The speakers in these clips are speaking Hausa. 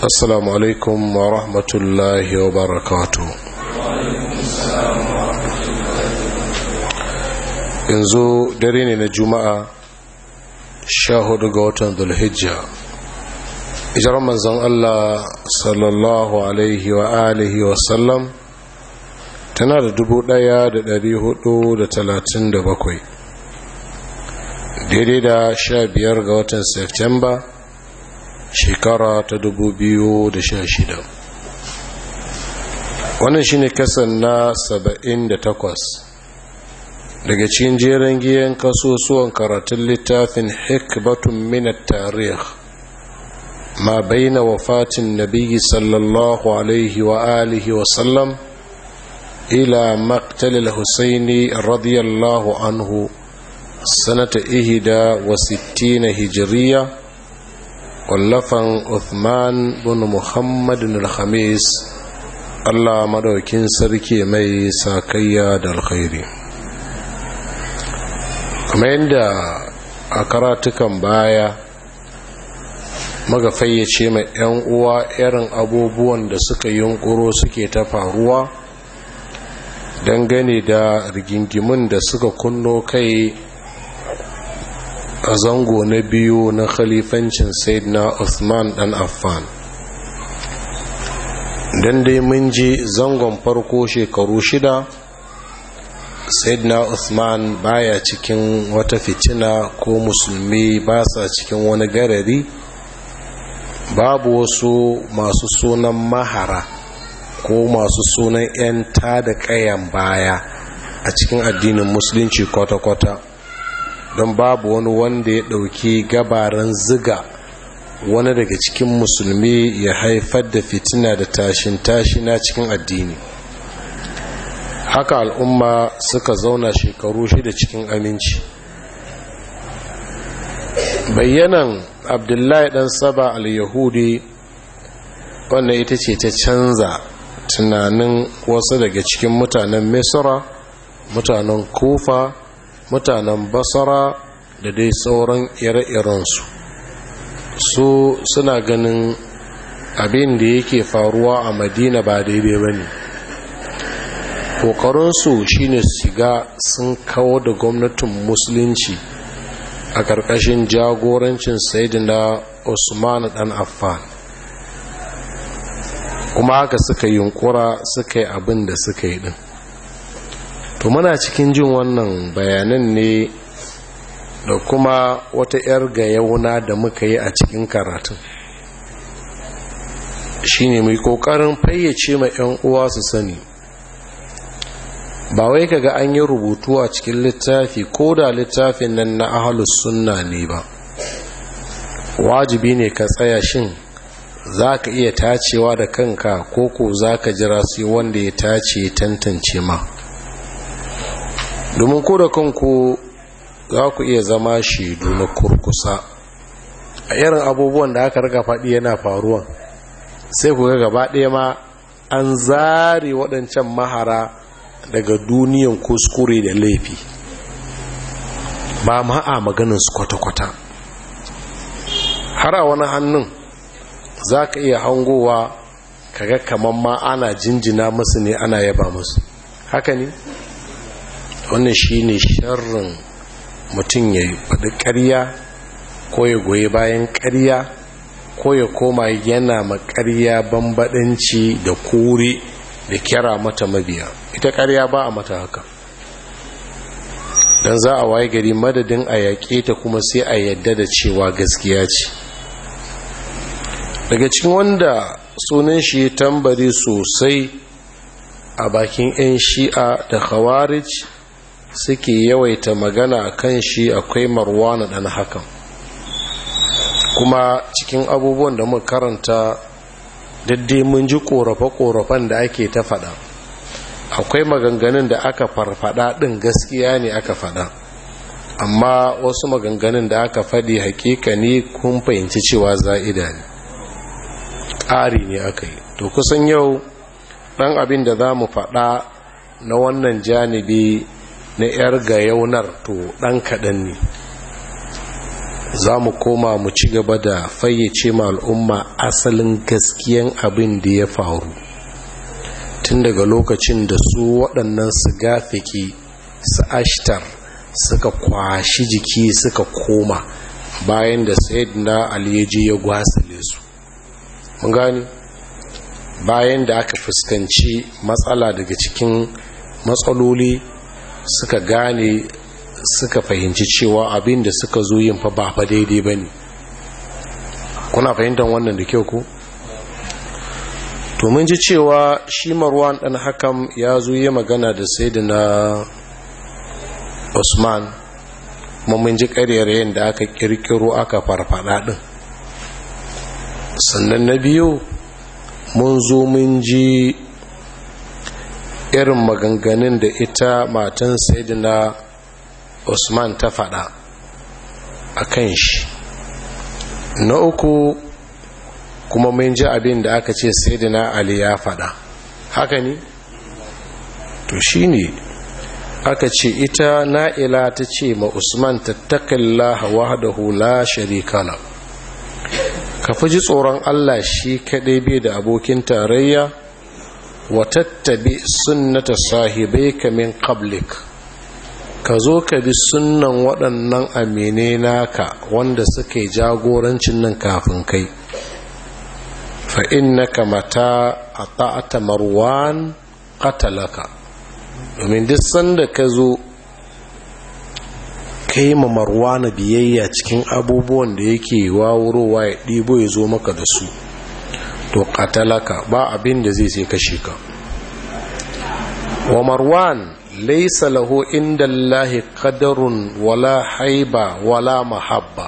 assalamu alaikum wa rahmatullahi wa barakatu yanzu dare ne na juma'a sha hudu ga watan zulhijja ijiran manzan allah sallallahu alaihi wa alihi wa sallam tana da dubu daya da dari hudu da talatin da bakwai daidai da sha biyar ga watan september shekara ta dubu biyu 2016 wannan shi ne kasan na da 78 daga cikin jerin giyan kasusuwan karatun littafin hikbatun minat tarih ma baina wafatin biyu sallallahu alaihi wa alihi wa sallam ila maktalil husaini radiyallahu anhu sanata ihida wa sittina hijiriya kwallafan Uthman bin Muhammad al-Khamis Allah madaukin sarki mai sakayya da alkhairi kuma yadda a karatukan baya magafayyace ce mai yan uwa irin abubuwan da suka yunkuro suke ta faruwa dangane da rigingimin da suka kunno kai a zango na biyu na khalifancin na Uthman dan Affan don dai mun ji zangon farko shekaru shida na Uthman baya cikin wata fitina ko musulmi ba sa cikin wani garari babu wasu masu sunan mahara ko masu sunan 'yan tada kayan baya a cikin addinin musulunci kwata-kwata don babu wani wanda ya ɗauki gabaran ziga wani daga cikin musulmi ya haifar da fitina da tashin na cikin addini haka al'umma suka zauna shekaru shida cikin aminci bayyanan abdullahi dan saba al-yahudi wannan ita ce ta canza tunanin wasu daga cikin mutanen misra mutanen kufa mutanen basara da dai sauran ire-irensu su suna ganin abin da yake faruwa a madina ba daidai ba ne ƙoƙarinsu ne shiga sun kawo da gwamnatin musulunci a ƙarƙashin jagorancin saidina usman dan affan kuma haka suka yunkura suka yi abin da suka yi din to muna cikin jin wannan bayanan ne da kuma wata 'yar gayauna da muka yi a cikin karatun shi ne mai kokarin fayyace ma 'yan uwa su sani ba wai kaga an yi rubutu a cikin littafi ko da littafin nan na ahalus sunna ne ba wajibi ne ka tsaya shin za ka iya tacewa da kanka ko ko za ka jira sai wanda ya tace tantance ma domin ko da kanku za ku iya zama shaidu na kurkusa a irin abubuwan da aka raka faɗi yana faruwa sai ku ga gaba ɗaya ma an zare waɗancan mahara daga duniyan kuskure da laifi ba ma a maganin su kwata-kwata har a wani hannun za ka iya hangowa kaga kamar ma ana jinjina musu ne ana yaba musu haka ne wannan shine sharrin mutum ya faɗi ƙarya ko ya goyi bayan ƙarya ko ya koma yana karya bambaɗanci da kuri da kyara mata mabiya ita ƙarya ba a mata haka don za a waye gari madadin a yaƙe ta kuma sai a yadda da cewa gaskiya ce daga cikin wanda sunan shi tambari sosai a bakin 'yan shi'a da khawarij suke yawaita magana a kan shi akwai marwana ɗan hakan kuma cikin abubuwan da muka karanta daddai mun ji korafe-korafen da ake ta faɗa akwai maganganun da aka farfaɗa ɗin gaskiya ne aka faɗa amma wasu maganganun da aka faɗi hakika ne kun fahimci cewa za'ida ne ƙari ne aka yi to kusan yau ɗan abin da za mu faɗa na wannan janibi na 'yar ga yaunar to dan kaɗan ne za mu koma mu ci gaba da fayyace ma al'umma asalin gaskiyan abin da ya faru tun daga lokacin da su waɗannan su gafiki su ashtar suka kwashi jiki suka koma bayan da na aliyaji ya gwasale su mun gani bayan da aka fuskanci matsala daga cikin matsaloli suka gane suka fahimci cewa abin da suka zo yin fa ba fa daidai ba ne kuna fahimtar wannan da kyau ko to mun ji cewa shi marwan dan hakan ya zo yi magana da sai usman kuma mun ji ƙaryar da aka kirkiro aka farfada din. sannan na biyu mun zo mun ji irin maganganun da ita matan saidina usman ta faɗa a kan shi na uku kuma mun ji abin da aka ce saidina ali ya faɗa haka ne to shi ne aka ce ita na'ila ta ce ma usman ta, wahdahu la sharika la ka fi ji tsoron allah shi kaɗai bai da abokin tarayya wa tattabi sunnata sahibaika min qablik ka zo ka bi sunnan waɗannan amine naka wanda suke jagorancin nan kafin kai fa innaka mata ata'ata marwan qatalaka domin duk sanda ka zo kai ma marwana biyayya cikin abubuwan da yake wawurowa ya ɗibo ya zo maka da su to katalaka ba abin da zai sai kashe ka wa marwan laisa lahu inda Allahi qadarun wala haiba wala mahabba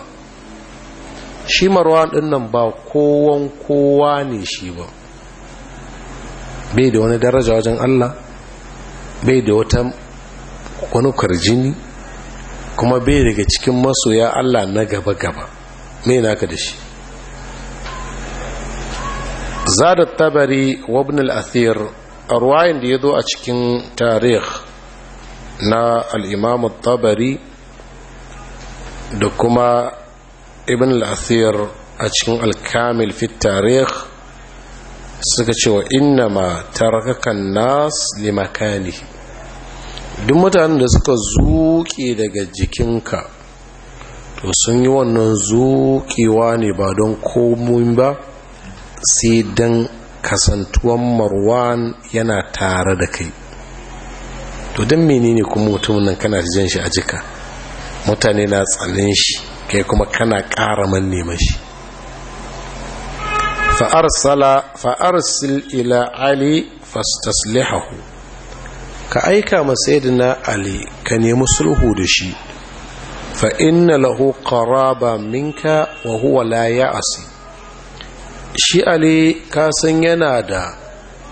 shi marwan din nan ba kowan kowa ne shi ba bai da wani daraja wajen Allah bai da wata wani jini kuma bai daga cikin masoya Allah na gaba-gaba mai naka da shi zada tabari wa ibn al ruwayin da ya zo a cikin tarih na al-imam tabari da kuma ibn al a cikin al-kamil tarih suka ce wa innama tarakakan nas limakani duk mutanen da suka zuƙe daga jikinka to sun yi wannan zuƙewa ne ba don komomi ba sai don kasantuwan marwan yana tare da kai to don menene kuma mutum nan kana jan shi a jika mutane na tsanin shi kai kuma kana ƙara man neman shi fa'arsil ila ali fastaslihahu ka aika na ali ka nemi sulhu da shi fa na lahu ƙaraba minka wa huwa la asi shi ali kasan yana da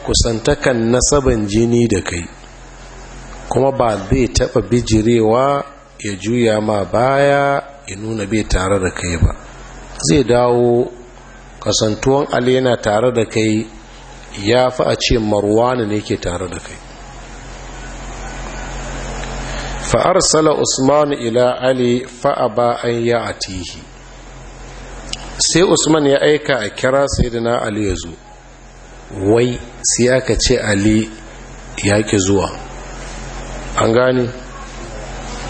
kusantakan nasaban jini da kai kuma ba zai taɓa bijirewa ya juya ma baya ya nuna bai tare da kai ba zai dawo kasantuwan ale yana tare da kai ya fi a ce marwana ne ke tare da kai fa'arsala usmanu ila ali ba an ya atihi sai usman ya aika a kira sayyidina ali ya zo wai sai aka ce ali ya ke zuwa an gane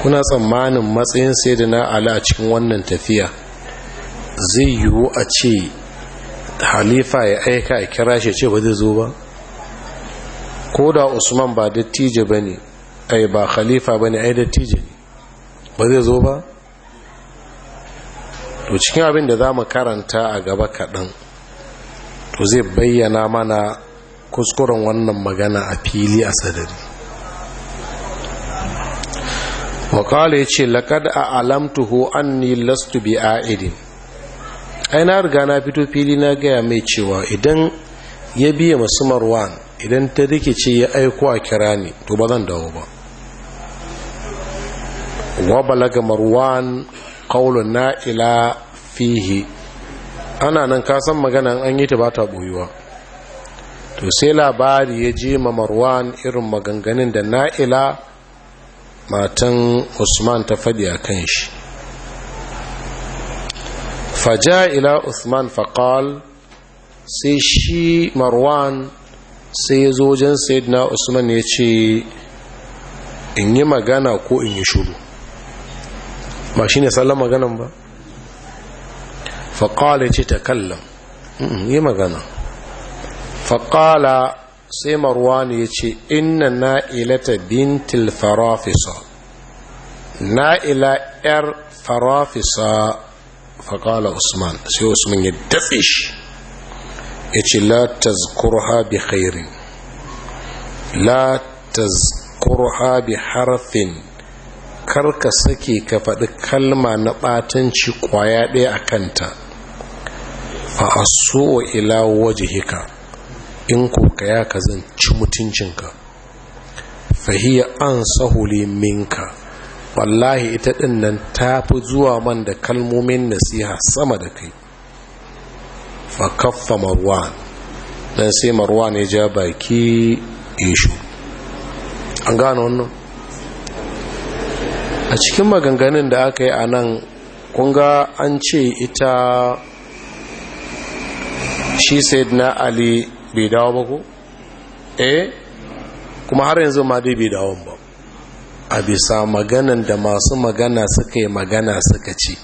kuna tsammanin matsayin sayyidina ali a cikin wannan tafiya zai yiwu a ce halifa ya aika a kira shi ce ba zai zo ba ko da usman ba dattijo ba ne ai ba khalifa ba ne ai dattijo ne ba zai zo ba to cikin abin da za mu karanta a gaba kaɗan to zai bayyana mana kuskuren wannan magana a fili a sadari wakala ya ce laƙad a alamtuhu an ni lastu bi a idin ai na riga na fito fili na gaya mai cewa idan ya biya masu marwan idan ta rikice ya aiko a kira ne to ba zan dawo ba wa balaga marwan ƙaunar na'ila fihi ana nan kasan magana an yi ta ba ta boyuwa to sai labari ya je ma marwan irin maganganun da na'ila matan usman ta faɗi a kan shi faja ila usman faƙal sai shi marwan sai ya zo wajen usman ya ce in yi magana ko in yi shuru ba shi ne sallan maganan ba faƙala ce ta kallon yi magana faƙala sai marwani ya ce inna na'ilata bintil farafisa na'ila ‘yar farafisa faƙala usman sai usman ya datse shi ya ce la tazkurha bi khairin la bi harfin karka sake ka faɗi kalma na ɓatanci ƙwaya ɗaya a kanta a so ila waje hika in ko ka ya ka zan ci mutuncinka fahiyya an sahuli minka wallahi ita ɗin nan ta fi zuwa man da kalmomin nasiha sama da kai fa kaffa marwan dan sai marwan ya ja baki ishu an gano wannan a cikin maganganun da aka yi a nan kunga an ce ita shi said na ali bai dawo ba ko eh kuma har yanzu ma dai bai dawo ba a bisa maganan da masu magana suka yi magana suka ci.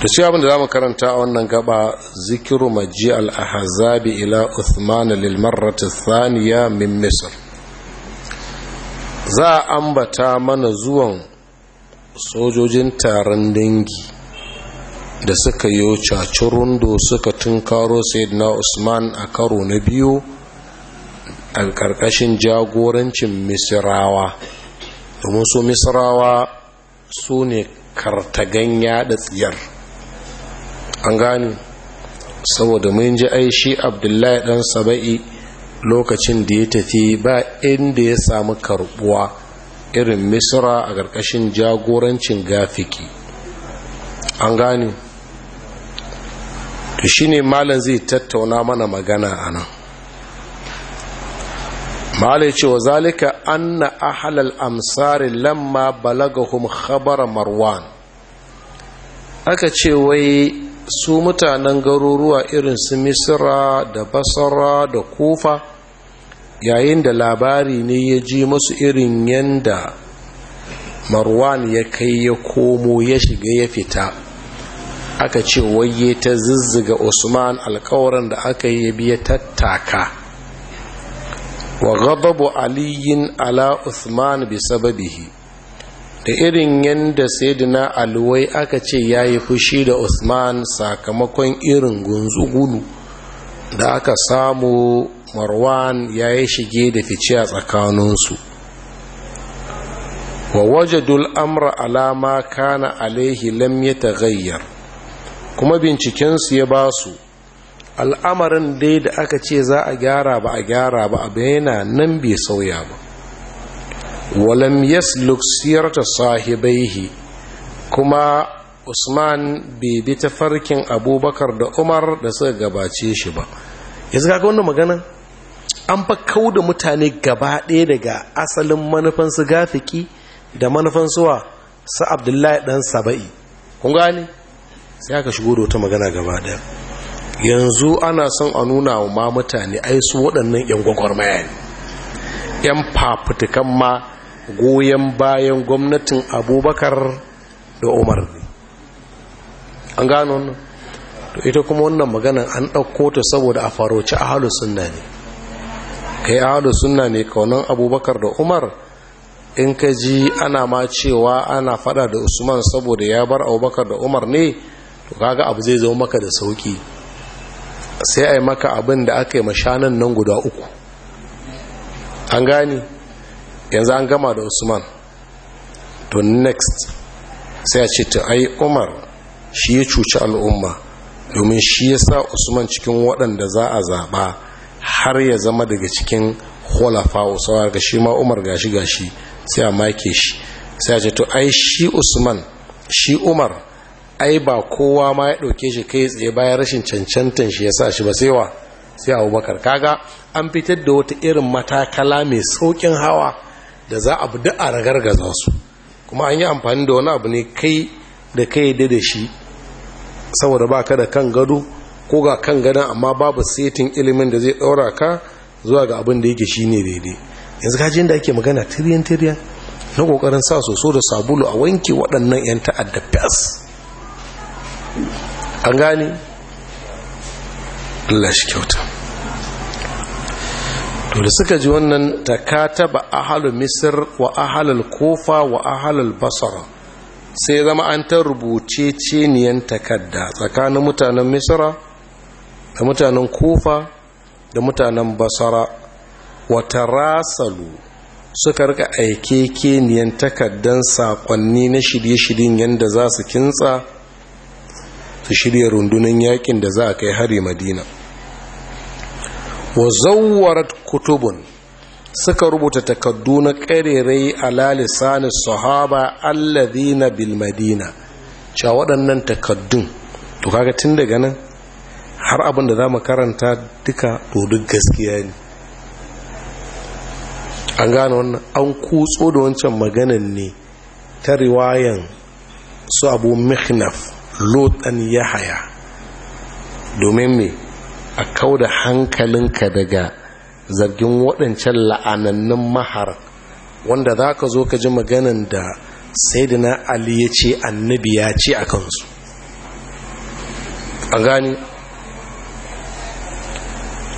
da ce abin da za mu karanta a wannan gaba zikiru maji al-ahzabi ila uthman lilmarratu thaniya min misr za a ambata mana zuwan sojojin taron dangi da suka yi caci rundo suka tunkaro na usman a karo na biyu a ƙarƙashin jagorancin misirawa domin su misirawa su ne kartaganya da tsiyar an gani saboda mun ji aishi abdullahi dan saba'i lokacin da ya tafi ba inda ya samu karbuwa irin misira a ƙarƙashin jagorancin gafiki an gane to ne malam zai tattauna mana magana a nan malin ce wa zalika anna ahlal amsari lamma balagahum khabara marwan aka ce wai su mutanen garuruwa irin su misira da basara da kufa yayin da labari ne ya ji masu irin yanda marwan ya kai ya komo ya shiga ya fita aka ce waye ta zizziga usman alkawarin da aka yi biya tattaka wa ghadabu aliyin ala usman bi sababihi da irin yadda sayyidina alwai aka ce ya yi fushi da usman sakamakon irin gulu da aka samu marwan ya yi shige da fice a tsakaninsu wa wajadul amra alama kana alaihi lam ta tagayyar kuma bincikensu ya ba su al'amarin dai da aka ce za a gyara ba a gyara ba a yana nan bai sauya ba walam yasluk sirata sahibaihi kuma usman bai bi ta farkin abubakar da umar da suka gabace shi ba yanzu kaga wannan magana an fa da mutane gaba ɗaya daga asalin manufan su gafiki da manufan suwa su abdullahi ɗan saba'i kun gane sai aka shigo da wata magana gaba ɗaya yanzu ana son a nuna wa ma mutane ai su waɗannan yan gwagwarmaya ne yan fafutukan ma goyon bayan gwamnatin abubakar da umar ne an gano wannan to ita kuma wannan maganan an ɗauko ta saboda a faroci ahalus sunna ne kai ahalus sunna ne kaunan abubakar da umar in ka ji ana ma cewa ana fada da usman saboda ya bar abubakar da umar ne to kaga abu zai zo maka da sauki sai a yi maka abin da aka yi mashanan nan guda uku an gani yanzu an gama da usman to next sai a ce ta ai umar shi ya cuci al'umma domin shi ya sa usman cikin waɗanda za a zaɓa har ya zama daga cikin holafa usawa ga shi ma umar gashi gashi sai a make shi sai a ce to ai shi usman shi umar ai ba kowa ma ya ɗauke shi kai tsaye bayan rashin cancantan shi ya sa shi ba sai wa sai abubakar kaga an fitar da wata irin matakala mai saukin hawa da za a da a ragargaza su kuma an yi amfani da wani abu ne kai da kai da da shi saboda ba ka da kan gado ko ga kan gadon amma babu setin ilimin da zai ɗaura ka zuwa ga abin da yake shi ne daidai yanzu kajin da ake magana tiriyan tiriyan na ƙoƙarin sa soso da sabulu a wanke waɗannan 'yan ta'adda fes an gane Allah shi kyauta to da suka ji wannan takataba ahalu misir wa ahalul kofa wa ahalul basara sai zama an ta rubuce ceniyan takadda tsakanin mutanen misira da mutanen kofa da mutanen basara wata rasalu suka rika aike keniyan takaddan sakonni na shirye-shiryen yadda za su kintsa su shirya rundunar yakin da za a kai hari madina wa zawarat kutubun suka rubuta takardu na ƙarerai ala lisanin sahaba alladhina bil madina cewa waɗannan takardun to kaga tun daga nan har abin da za mu karanta duka to duk gaskiya ne an gane wannan an kutso da wancan maganan ne ta riwayan su abu mihnaf lotan yahaya domin mai a kau da hankalinka daga zargin waɗancan la'anannun mahar wanda za ka zo ka ji maganan da saidina ali ya ce annabi ya ce a kansu A gani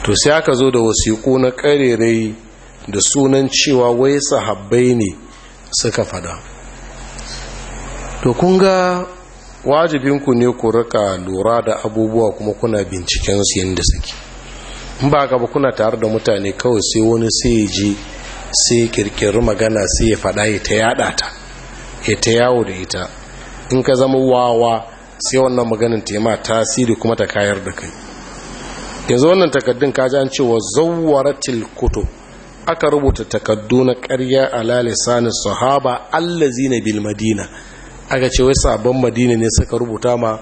to sai aka zo da wasiƙu na ƙarerai da sunan cewa wai sahabbai ne suka fada to kun ga wajibinku ne ku rika lura da abubuwa kuma kuna binciken su yadda suke in ba gaba kuna tare da mutane kawai sai wani sai ya ji sai kirkiri magana sai ya faɗa ya ta yada ta ya ta yawo da ita in ka zama wawa sai wannan maganin ta yi ma tasiri kuma ta kayar da kai yanzu wannan takaddun kaji an cewa zawwaratil kutub aka rubuta takaddu na karya a sahaba allazi na bil madina aka ce wai sabon madina ne suka rubuta ma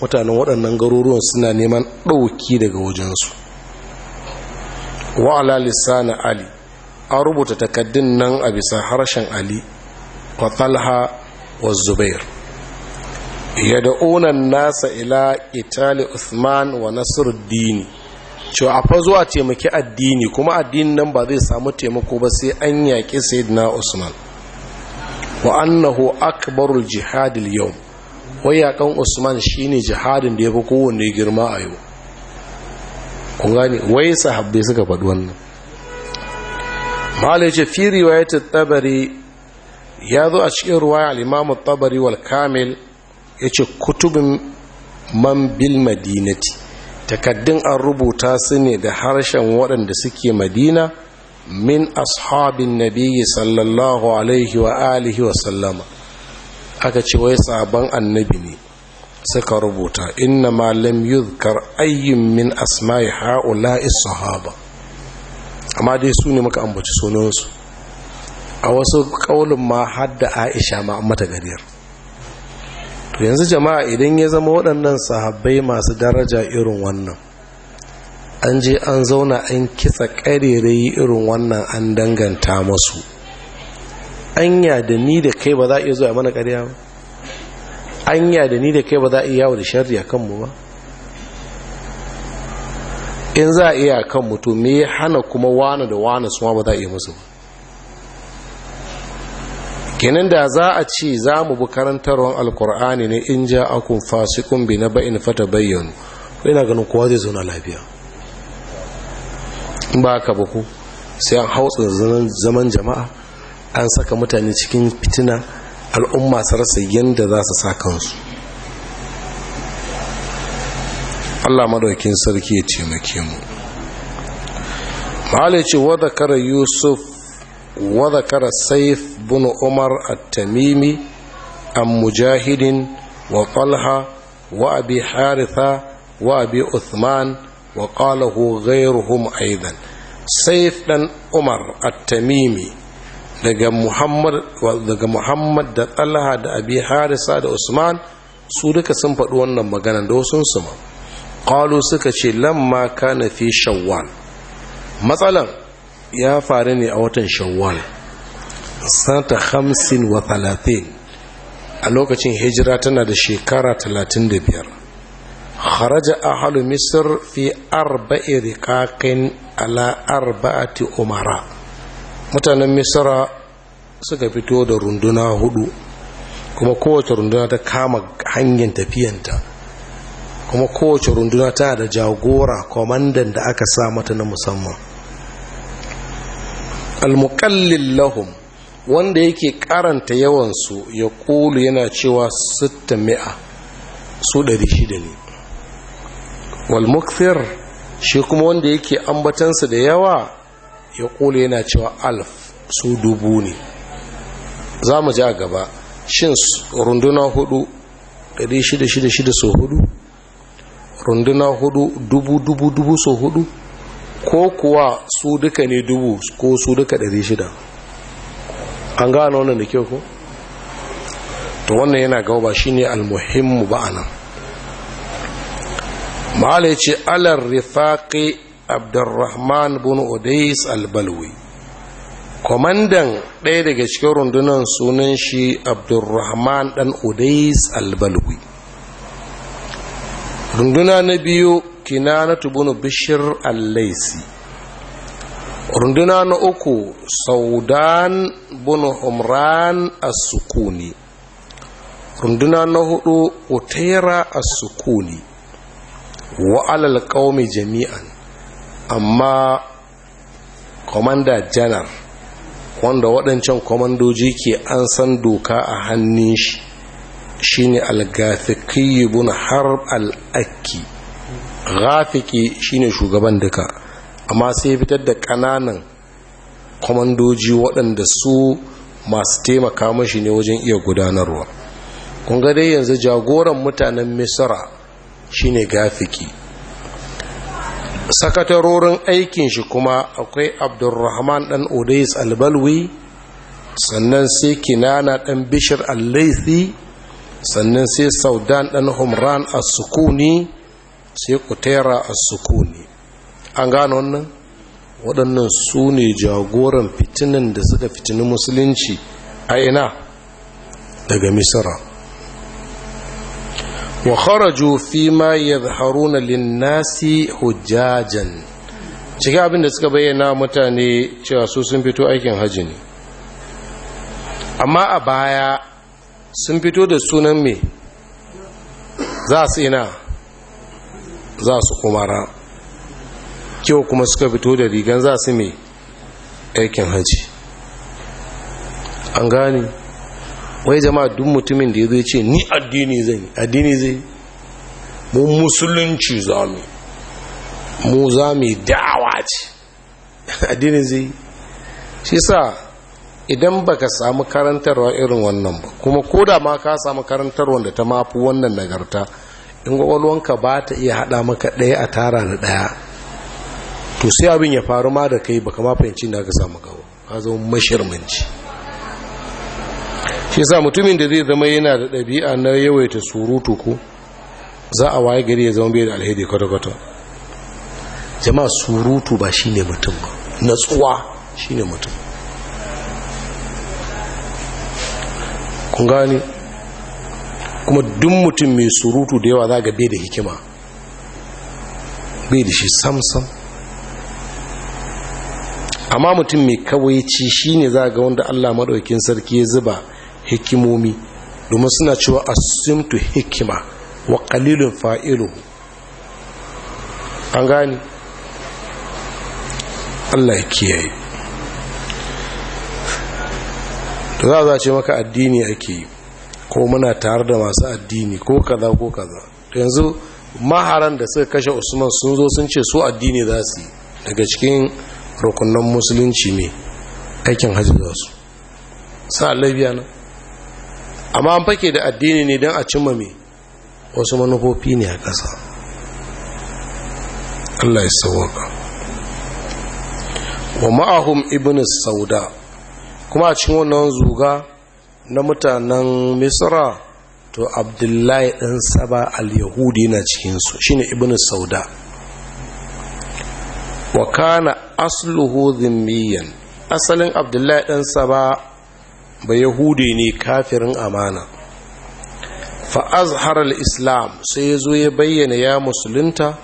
mutanen waɗannan garuruwan suna neman ɗauki daga wajensu wa'ala lissanin ali an rubuta takaddun nan a bisa harshen ali wa talha wa zubair yada'unan nasa ila itali uthman wa dini cewa a fa zuwa taimaki addini kuma addinin nan ba zai samu taimako ba sai an yaƙi na usman wa annahu akbarul jihadil yau wai usman shine jihadin da ya fi kowanne girma a yau kun gani wai sahabbai suka faɗi wannan malai ce fi riwayatul tabari ya zo a cikin ruwaya al-imam tabari wal kamil yace kutubin man bil madinati takaddun an rubuta su ne da harshen waɗanda suke madina min ashabin nabiyyi sallallahu alaihi wa alihi wa aka ce wai sabon annabi ne suka rubuta inna ma lam yuzkar ayyun min asma'i ha'ula'i sahaba amma dai su ne muka ambaci sunansu a wasu kaulin ma hadda Aisha ma mata gadiyar to yanzu jama'a idan ya zama waɗannan sahabbai masu daraja irin wannan an je an zauna an kitsa ƙarerayi irin wannan an danganta masu anya da ni da kai ba za a iya zuwa mana ƙarya ba anya da ni da kai ba za a iya yawo da shari a kanmu ba in za a iya kan mutum me hana kuma wane da wane su ma ba za a iya musu ba kenan da za a ce za mu bi karantarwar alkur'ani ne in ja akun fasikun bi na ba'in fata bayyanu ina ganin kowa zai zauna lafiya in ba ka ba sai an hautsa zaman jama'a an saka mutane cikin fitina al'umma su rasa yadda za su sa kansu Allah madaukin sarki ya taimake mu mahalai ce wadda kara yusuf wadda kara saif bin umar at-tamimi an mujahidin wa talha wa abi haritha wa abi uthman wa qalahu ghayruhum aidan saif dan umar at-tamimi daga muhammad daga muhammad da talha da abi harisa da usman su duka sun faɗi wannan magana da wasu su ma qalu suka ce lamma kana fi shawwal matsalan ya faru ne a watan shawwal sata 35 a lokacin hijira tana da shekara 35 kharaja ahalu misir fi arba'i riqaqin ala arba'ati umara mutanen misra suka fito da runduna hudu kuma kowace runduna ta kama hanyar tafiyanta kuma kowace runduna ta da jagora kwamandan da aka sa mata na musamman almukallin lahum wanda yake karanta yawansu ya kulu yana cewa 600 su shida ne wal mukthir shi kuma wanda yake ambatansa da yawa ya kula yana cewa alf su dubu ne za mu ja gaba shin runduna hudu 666 so hudu runduna hudu dubu dubu dubu so hudu ko kuwa su duka ne dubu ko su duka 600 an gano wannan da kyau ko to wannan yana gaba shine almuhimmu ba anan malai ce alar rifaƙi abdurrahman bin odais albalwi kwamandan ɗaya daga cikin rundunar sunan shi abdurrahman ɗan odais albalwi runduna na biyu kinanatu bin bishir allaisi runduna na uku saudan bin umran as-sukuni runduna na hudu utera as-sukuni wa alal jami'an amma komanda janar wanda waɗancan komandoji ke an san doka a hannun shi shine al-ghafiqi ibn harb al-akki ghafiki ne shugaban duka amma sai fitar da ƙananan komandoji waɗanda su masu taimaka mashi ne wajen iya gudanarwa ƙungare yanzu jagoran mutanen Misira. shine gafiki sakatarorin aikin shi kuma akwai abdurrahman dan odais albalwi sannan sai kinana dan bishir al sannan sai saudan dan humran as-sukuni sai kutera as-sukuni an gano wannan waɗannan su ne jagoran fitinin da suka fitini musulunci a ina daga misira وخرجوا فيما يظهرون ma حجاجا lin hujjajan cikin abin da suka bayyana mutane cewa su sun fito aikin hajji ne amma a baya sun fito da sunan me za su ina za su kumara kyau kuma suka fito da rigan za su me aikin hajji an gani wai jama'a duk mutumin da ya zai ce ni addini zai addini zai mu musulunci za mu mu za mu da'awa ce addini zai shi sa idan baka samu karantarwa irin wannan ba kuma ko da ma ka samu karantarwa da ta mafi wannan nagarta in gwagwalwanka ba ta iya hada maka ɗaya a tara da ɗaya to sai abin ya faru ma da kai baka ma fahimci da aka samu kawo ka zama mashirmanci shi sa mutumin da zai zama yana da ɗabi'a na yawaita surutu ko za a waye gari ya zama bai da alheri kwata-kwata jama surutu ba shi ne mutum ba natsuwa shi ne mutum kun gani kuma duk mutum mai surutu da yawa za ga bai da hikima bai da shi samsam amma mutum mai kawai ci shi ne za ga wanda allah maɗaukin sarki ya zuba hikimomi domin suna cewa asimtu hikima wa kalilin fa'ilu an gani allah ya kiyaye da za a za ce maka addini ake yi ko muna tare da masu addini ko kaza ko kaza yanzu maharan da suka kashe usman sun zo sun ce su addini za su yi daga cikin rukunan musulunci ne aikin hajji za su sa labiya na. amma an fake da addini ne don a cimma mai wasu manufofi ne a ƙasa Allah ya sauwaka wa ma'ahum ibn sauda kuma a cikin wannan zuga na mutanen misra to abdullahi ɗan saba al-yahudi na cikinsu shi ne ibn sauda wa kana asluhu zimmiyan asalin abdullahi ɗan saba ba yahudi ne kafirin amana fa'azhar al-islam sai ya zo ya bayyana ya musulunta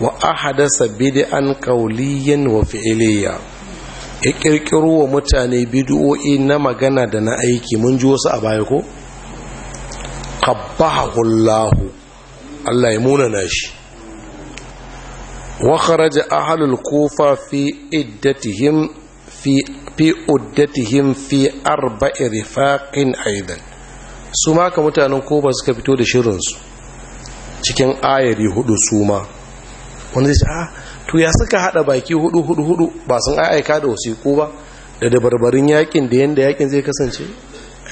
wa ahadasa bid'an qawliyan wa fi'liya ya ƙirƙiro wa mutane bid'o'i na magana da na aiki mun ji wasu a baya ko qabbahu Allah Allah ya munana shi wa kharaja ahlul kufa fi iddatihim fi fi uddatihim fi arba'i rifaqin aidan su ma ka mutanen koba suka fito da shirinsu cikin ayari hudu su ma wanda zai ah to ya suka hada baki hudu hudu hudu ba sun aika da wasiku ba da dabarbarin yakin da yanda yakin zai kasance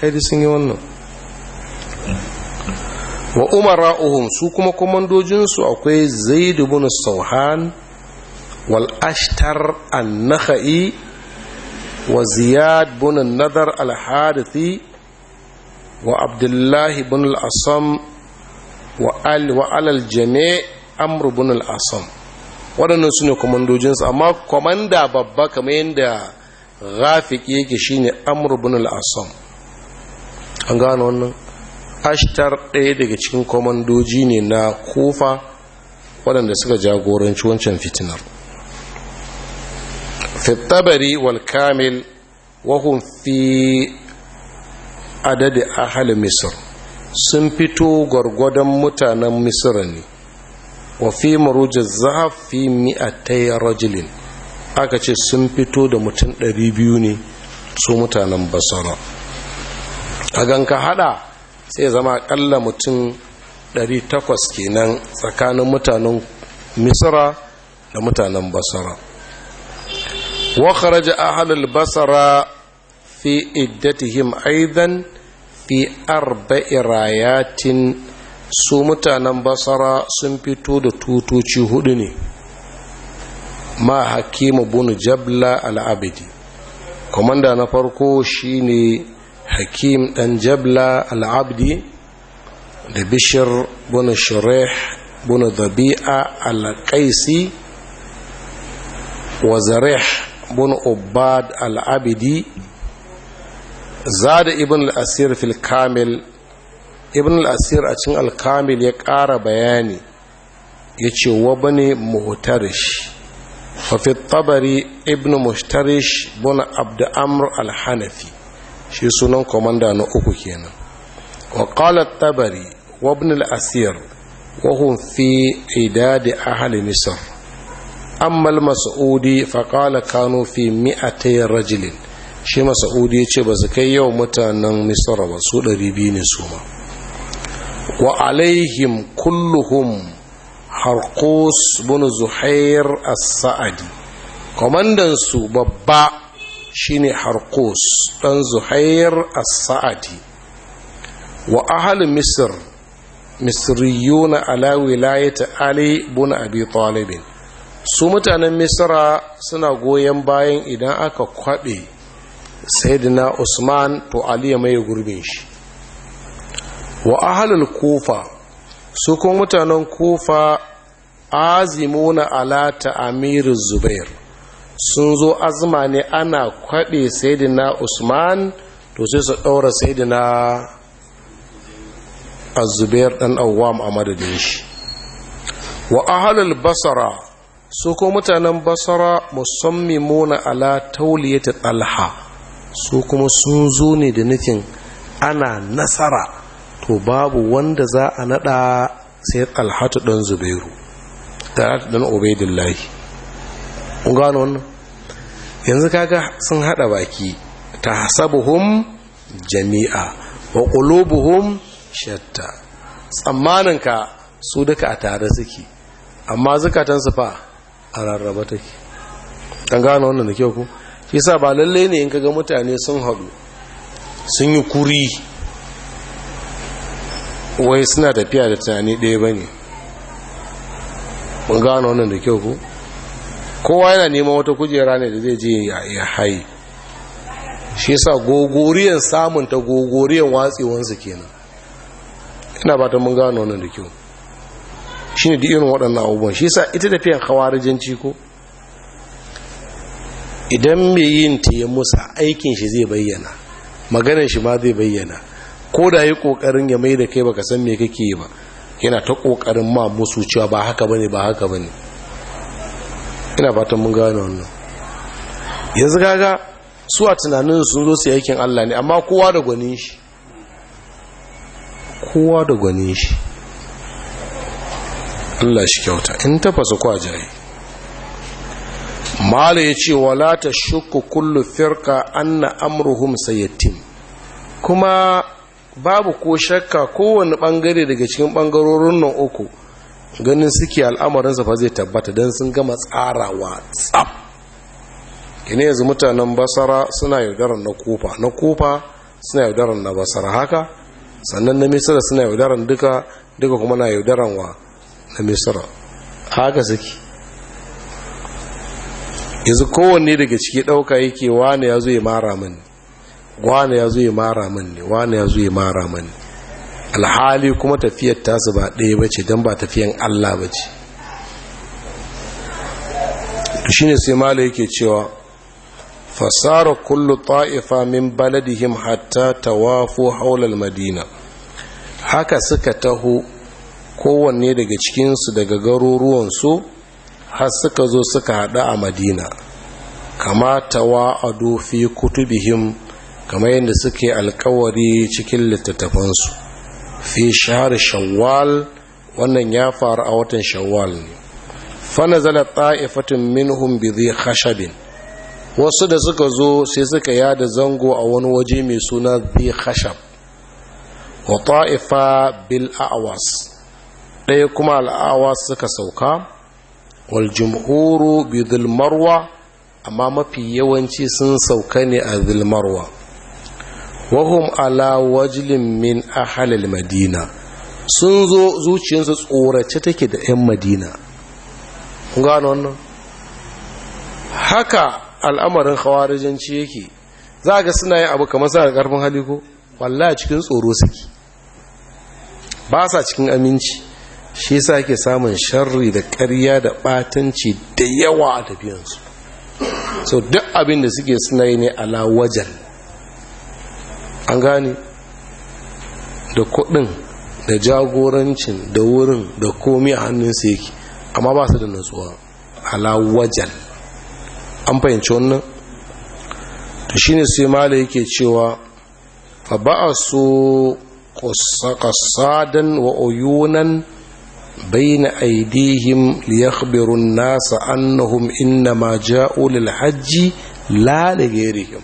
haidi sun yi wannan wa umara'uhum su kuma komandojinsu akwai zaid ibn sauhan wal'ashtar, ashtar an-nakhai wa ziyad bin nadar al wa abdullahi bin al-asam wa alal jami amr bin waɗannan su ne kwamandojinsu amma kwamanda babba kamar yadda rafiki yake shine amr bin al an gano wannan ashtar ɗaya daga cikin kwamandoji ne na kofa waɗanda suka jagoranci wancan fitinar fi tabari wal kamil wahun fi misir sun fito gwargwadon mutanen misir ne wa fi marujar zahab fi mi'atai rajulin aka ce sun fito da mutum 200 ne su mutanen basara a ganka hada sai zama akalla mutum takwas kenan tsakanin mutanen misira da mutanen basara wa kharaja ahlul basara fi iddatihim aidan fi arba'i rayatin su mutanen basara sun fito da tutuci hudu ne ma hakimu bunu jabla al'abidi komanda na farko shine hakim dan jabla al'abdi da bishiyar bunu shirih bunu dabi'a al'aƙaisi wa bun ubad al-abidi zada ibn al-asir fil kamil ibn a cikin al ya ƙara bayani ya ce wa bane muhtarish wa tabari ibn muhtarish bun abd amr al-hanafi shi sunan komanda na uku kenan wa qala tabari wa ibn al-asir wa fi idadi ahli amma mas'udi faƙala kano ta mi'atai rajilin shi mas'udi ya ce ba su kai yau mutanen misra ba su ɗari biyu ne su ma wa alaihim kulluhum harkus bin zuhair as-sa'adi kwamandansu babba shine harkus ɗan zuhair as-sa'adi wa ahal misir misriyuna ala wilayata ali bin abi talibin su mutanen misra suna goyon bayan idan aka kwaɓe saidina usman to Ali ya mai gurbin shi wa ahalul kofa su kuma mutanen kofa azimuna ala ta amiru zubair sun zo azuma ne ana kwaɓe saidina usman to sai su ɗaura saidina azubair ɗan awam a madadin shi wa ahalul basara su ko mutanen basara muna ala tauliyati alha su kuma sun zo ne da nufin ana nasara to babu wanda za a nada sai alhatu dan zubairu talhatu dan ubaidillahi kun gano wannan yanzu kaga sun hada baki tahsabuhum jami'a wa qulubuhum shatta tsammanin ka su duka a tare suke amma su fa a rarraba take an gano wannan da kyau ku fi sa ba lallai ne in ka ga mutane sun haɗu sun yi kuri wai suna tafiya da tunani ɗaya ba ne mun gane wannan da kyau ku kowa yana neman wata kujera ne da zai je ya haye shi sa gogoriyar samun ta gogoriyan watsewansu kenan ina ba ta mun gane wannan da kyau shine da irin waɗannan abubuwan shi sa ita tafiyan hawarijanci ko idan mai yin ta ya musa aikin shi zai bayyana maganar shi ma zai bayyana ko da yi kokarin ya mai da kai baka san mai kake yi ba yana ta kokarin ma musu cewa ba haka bane ba haka bane ina fatan mun gane wannan yanzu kaga su a tunanin sun zo su aikin Allah ne amma kowa da gwanin shi kowa da gwanin shi Allah shi kyauta in tafasa kwa jayi mala ya ce wala ta shukku kullu firka anna amruhum sayyatim kuma babu ko shakka kowane bangare daga cikin bangarorin nan uku ganin suke al'amarinsa fa zai tabbata don sun gama tsarawa tsab ina yanzu mutanen basara suna yaudarar na kofa na kofa suna yaudarar na basara haka sannan na misira suna yaudarar duka duka kuma na yaudarar wa da misra haka suke yanzu kowanne daga ciki ɗauka yake wane ya zo ya mara mani wane ya zo ya mara mani wane ya zo ya mara mani alhali kuma tafiyar tasu ba ɗaya ba ce don ba tafiyan allah ba ce shi ne sai mala yake cewa fasara kullu ta'ifa min baladihim hatta tawafu haular madina haka suka taho kowanne daga cikinsu daga garuruwansu har suka zo suka haɗu a madina kama tawa a dofi kutubihim kamar yadda suke alkawari cikin littattafansu fi shahar shawwal wannan ya faru a watan shawwal ne Fana fanazala ta'ifatin minhum bi zai khashabin wasu da suka zo sai suka yada zango a wani waje mai suna zai khashab wa ta'ifa bil a'was ɗaya kuma al'awa suka sauka wal jumhuru bi dhulmarwa amma mafi yawanci sun sauka ne a dhulmarwa wahum ala wajlin min ahalil madina sun zo zuciyarsu tsorace take da 'yan madina gano wannan haka al'amarin khawarijanci yake za ga suna yin abu kamar sa da ƙarfin hali ko wallahi cikin tsoro suke ba sa cikin aminci shi sa ke samun sharri da ƙarya da ɓatanci da yawa a tafiyansu so duk abin da suke suna yi ne ala wajen an gane da kuɗin da jagorancin da wurin da komi a hannunsu yake amma ba su da nutsuwa ala wajen an fahimci wannan shi ne sai mala yake cewa fa ba su qasadan wa uyunan بين أيديهم ليخبروا الناس أنهم إنما جاءوا للحج لا لغيرهم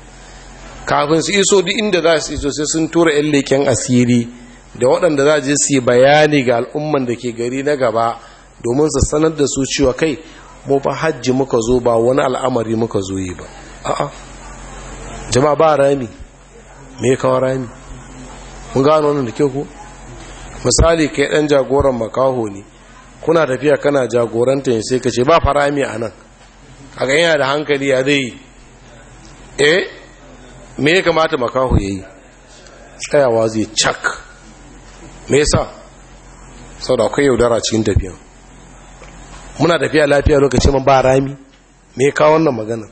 kafin su iso duk inda za su iso sai sun tura 'yan leken asiri da waɗanda za je su yi bayani ga al'umman da ke gari na gaba domin su sanar da su cewa kai mu fa hajji muka zo ba wani al'amari muka zo yi ba a'a jama'a ba rami me kawo rami mun gano wannan da ke ku misali kai dan jagoran makaho ne kuna tafiya kana jagoranta ne sai ka ce ba farami a nan a yana da hankali ya zai eh me ya kamata makaho ya yi tsayawa zai cak me yasa sau da akwai yaudara cikin tafiya muna tafiya lafiya lokacin mun ba rami me kawo wannan magana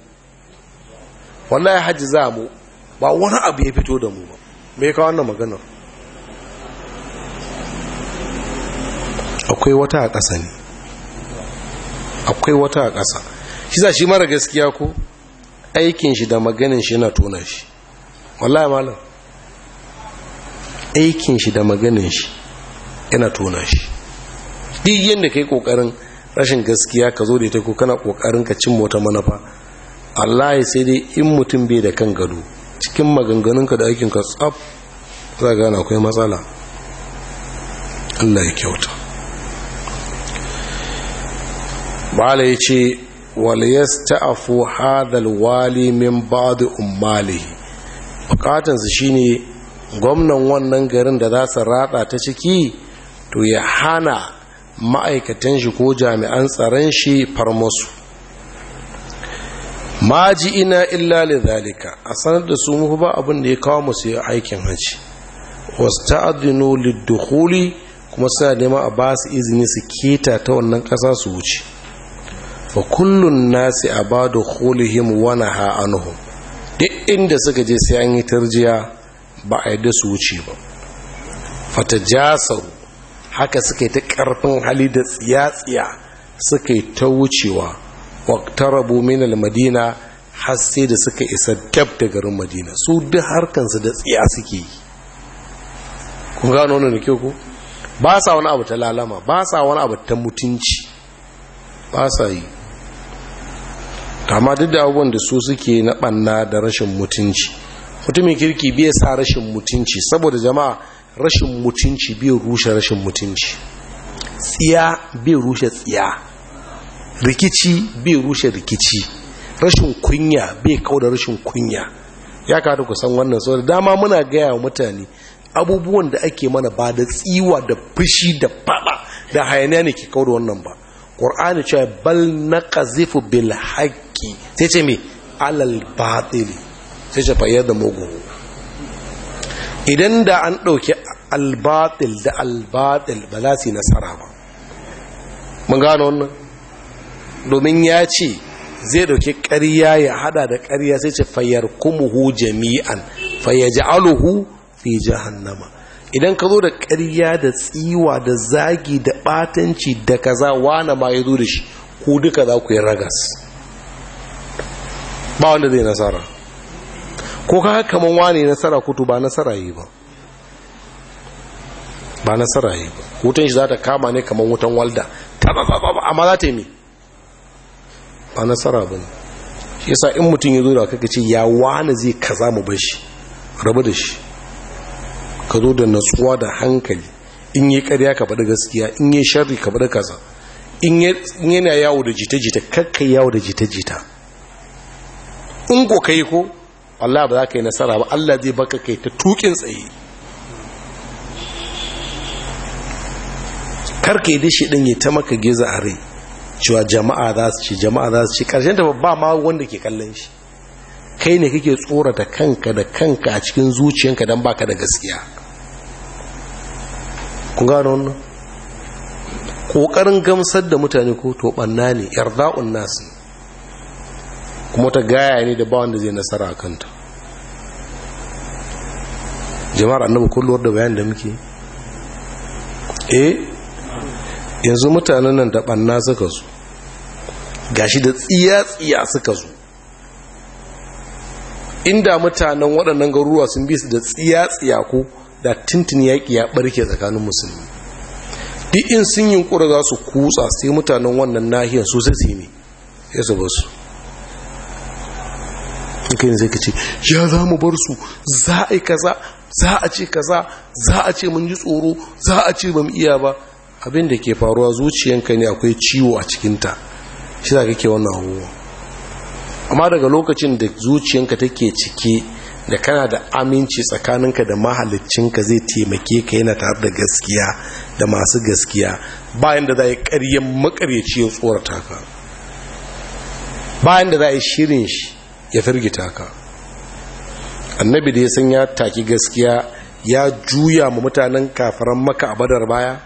wallahi hajji za mu ba wani abu ya fito da mu ba me kawo wannan magana? akwai wata a ƙasa ne akwai wata a ƙasa shi za shi mara gaskiya ko aikin shi da maganin shi yana tona shi wallahi malam aikin shi da maganin shi yana tona shi duk yadda ka yi ƙoƙarin rashin gaskiya ka zo da ita ko kana kokarin ka cin wata manufa wallahi sai dai in mutum bai da kan gado cikin maganganun ka da aikin ka tsaf za gane akwai matsala Allah ya kyauta mala ya ce waliyas ta'afu hadal wali min ba'du bukatansu shine gwamnan wannan garin da za su rada ta ciki to ya hana ma'aikatan shi ko jami'an tsaron shi farmasu ji ina illa zalika a sanar da su muku ba abin da ya kawo musu ya aikin hajji wasta'adinu lidukhuli kuma suna neman a ba su izini su keta ta wannan ƙasa su wuce fa kullun nasi ba da kulihim wani ha'anuhu duk inda suka je sai an yi tarjiya ba a yadda su wuce ba fatajasaru haka suka yi ta karfin hali da tsiya-tsiya suka yi ta wucewa waktarabu minal almadina har da suka isa dab da garin madina su duk harkansu da tsiya suke yi kun gano wani da ku ba sa wani abu ta lalama ba sa wani abu ta mutunci ba sa yi amma duk da abubuwan da su suke na banna da rashin mutunci mutumin kirki bai sa rashin mutunci saboda jama'a rashin mutunci bai rushe rashin mutunci tsiya bai rushe tsiya rikici bai rushe rikici rashin kunya bai da rashin kunya ya kada ku san wannan sau da dama muna gaya wa mutane abubuwan da ake mana ba da tsiwa da fushi da fada da hayaniya ne ke kawo da wannan ba ƙur'ani cewa bal na ƙazifu bil haƙƙi ciki sai ce mai alal batili sai ce da mugu idan da an ɗauki albatil da albatil ba za su yi nasara ba mun gano wannan domin ya ce zai ɗauki ƙarya ya hada da ƙarya sai ce fayyar kumuhu jami'an fayyaji aluhu fi jahannama idan ka zo da ƙarya da tsiwa da zagi da batanci da kaza wane ma ya zo da shi ku duka za ku yi ragas ba wanda zai nasara ko ka haka kaman wane nasara kutu ba nasara yi ba ba nasara yi ba wutan shi za ta kama ne kaman wutan walda amma za ta yi mi ba nasara ba ne shi yasa in mutum ya zo da kaka ce ya wani zai kaza mu bashi, shi rabu da shi ka zo da natsuwa da hankali in yi karya ka faɗi gaskiya in yi sharri ka faɗi kaza in yana yawo da jita-jita kakka yawo da jita-jita in ko kai ko Allah ba za ka yi nasara ba Allah zai baka kai ta tukin tsaye karka yi dishi din ya ta maka giza a rai cewa jama'a za su ci jama'a za su ci karshen ta ba ma wanda ke kallon shi kai ne kake tsorata kanka da kanka a cikin zuciyanka don baka da gaskiya kun gano wannan kokarin gamsar da mutane ko to ɓanna ne yarda'un nasu kuma ta gaya ne da ba wanda zai nasara a kanta jama'ar annabu kulluwar da bayan da muke e yanzu mutanen nan da banna suka su gashi da tsiya-tsiya suka su inda mutanen waɗannan garuruwa sun bi su da tsiya-tsiya ko da tintin yaƙi ya ɓarke tsakanin musulmi duk in sun yi ƙura za su kutsa sai mutanen wannan nahiyar su sai su yi ne ya su basu gashin kai zai kace ya za mu bar su za a yi kaza za a ce kaza za a ce mun ji tsoro za a ce bamu iya ba abin da ke faruwa zuciyanka ne akwai ciwo a cikinta shi za ka ke wannan abubuwa amma daga lokacin da zuciyanka take cike da kana da aminci tsakaninka da mahalicinka zai taimake ka yana tare da gaskiya da masu gaskiya bayan da za yi ƙaryen makaryaci ya tsorata ka bayan da za a yi shirin shi ya firgita ka annabi da ya san ya taki gaskiya ya juya ma mutanen kafaran maka a badar baya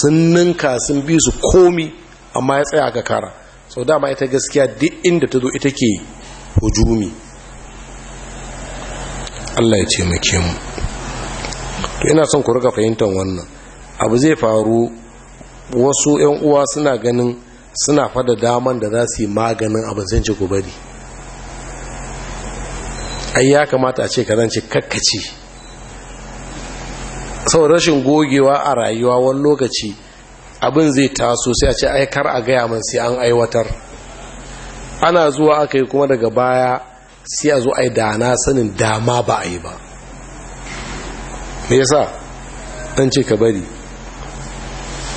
sun ninka sun bi su komi amma ya tsaya ga kara sau dama ita gaskiya duk inda ta zo ita ke hujumi Allah ya ce maki mu to ina son ku rika fahimtar wannan abu zai faru wasu 'yan uwa suna ganin suna fada daman da za su yi maganin abin zai ci ku bari ai ya kamata a ce ka zance kakkaci saboda rashin gogewa a rayuwa wani lokaci abin zai taso sai a ce ai kar a gaya man sai an aiwatar ana zuwa aka yi kuma daga baya sai a zo ai dana sanin dama ba a yi ba me yasa dan ce ka bari